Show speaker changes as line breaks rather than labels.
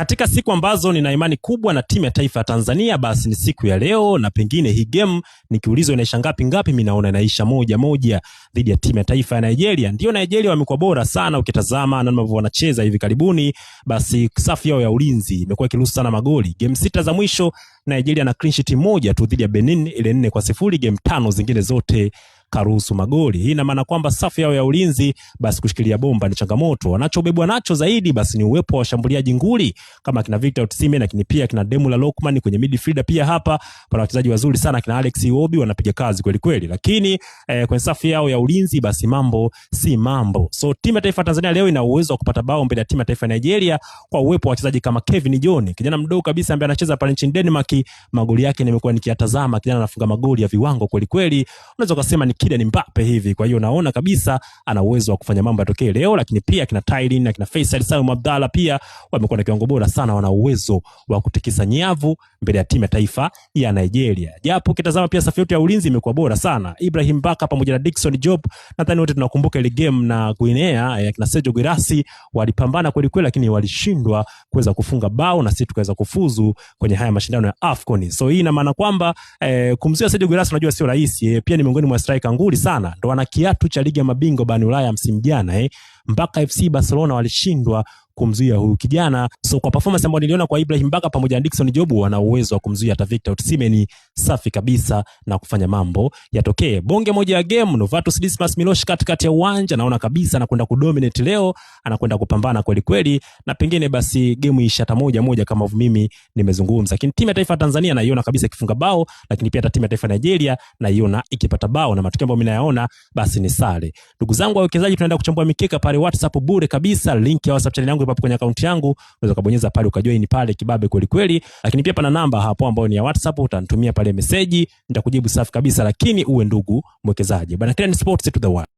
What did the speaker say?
katika siku ambazo nina imani kubwa na timu ya taifa ya Tanzania, basi ni siku ya leo, na pengine hii game nikiulizwa inaisha ngapi ngapi, mimi naona inaisha moja moja dhidi ya timu ya taifa ya Nigeria. Ndio Nigeria wamekuwa bora sana, ukitazama namna wanacheza hivi karibuni, basi safu yao ya ulinzi imekuwa ikiruhusu sana magoli. Game sita za mwisho Nigeria na clean sheet moja tu dhidi ya Benin, ile nne kwa sifuri. Game tano zingine zote karuhusu magoli. Hii ina maana kwamba safu yao ya ulinzi basi kushikilia bomba ni changamoto. Wanachobebwa nacho zaidi basi ni uwepo wa washambuliaji nguli kama kina Victor Osimhen, lakini pia kina Demula Lokman kwenye midfield. Pia hapa pana wachezaji wazuri sana kina Alex Iwobi, wanapiga kazi kweli kweli, lakini eh, kwenye safu yao ya ulinzi basi mambo si mambo. So timu ya taifa Tanzania leo ina uwezo wa kupata bao mbele ya timu ya taifa Nigeria kwa uwepo wa wachezaji kama Kevin John, kijana mdogo kabisa ambaye anacheza pale nchini Denmark. Magoli yake nimekuwa nikiyatazama, kijana anafunga magoli ya viwango kweli kweli, unaweza kusema ni Kylian Mbappe hivi. Kwa hiyo naona kabisa ana uwezo wa kufanya mambo yatokee leo, lakini pia kina Tylin na kina Faisal Salum Abdalla pia wamekuwa na kiwango bora sana, wana uwezo wa kutikisa nyavu mbele ya timu ya taifa ya Nigeria. Japo kitazama pia safu yote ya ulinzi imekuwa bora sana. Ibrahim Baka pamoja na Dickson Job, nadhani wote tunakumbuka ile game na Guinea ya eh, kina Sergio Guirassi, walipambana kweli kweli, lakini walishindwa kuweza kufunga bao na sisi tukaweza kufuzu kwenye haya mashindano ya AFCON. So hii ina maana kwamba eh, kumzuia Sergio Guirassi unajua sio rahisi. Eh, pia ni miongoni mwa striker nguli sana, ndo wana kiatu cha ligi ya mabingwa barani Ulaya msimu jana eh, mpaka FC Barcelona walishindwa kumzuia huyu kijana. So kwa performance ambayo niliona kwa Ibrahim Baka pamoja na Dickson Jobu, wana uwezo wa kumzuia hata Victor Osimhen safi kabisa na kufanya mambo yatokee. Bonge moja ya game, Novatus Dismas Milosh katikati ya uwanja, naona kabisa anakwenda kudominate leo, anakwenda kupambana kweli kweli, na pengine basi game iisha hata moja moja kama mimi nimezungumza. Lakini timu ya taifa Tanzania naiona kabisa ikifunga bao, lakini pia hata timu ya taifa Nigeria naiona ikipata bao, na matokeo ambayo mimi nayaona basi ni sare. Ndugu zangu wawekezaji, tunaenda kuchambua mikeka pale WhatsApp bure kabisa, link ya WhatsApp channel yangu yangu hapo kwenye akaunti yangu, unaweza kubonyeza pale ukajoin pale kibabe kweli kweli. Lakini pia pana namba hapo ambayo ni ya WhatsApp, utanitumia pale message, nitakujibu safi kabisa, lakini uwe ndugu mwekezaji bana. ni Sports to the world.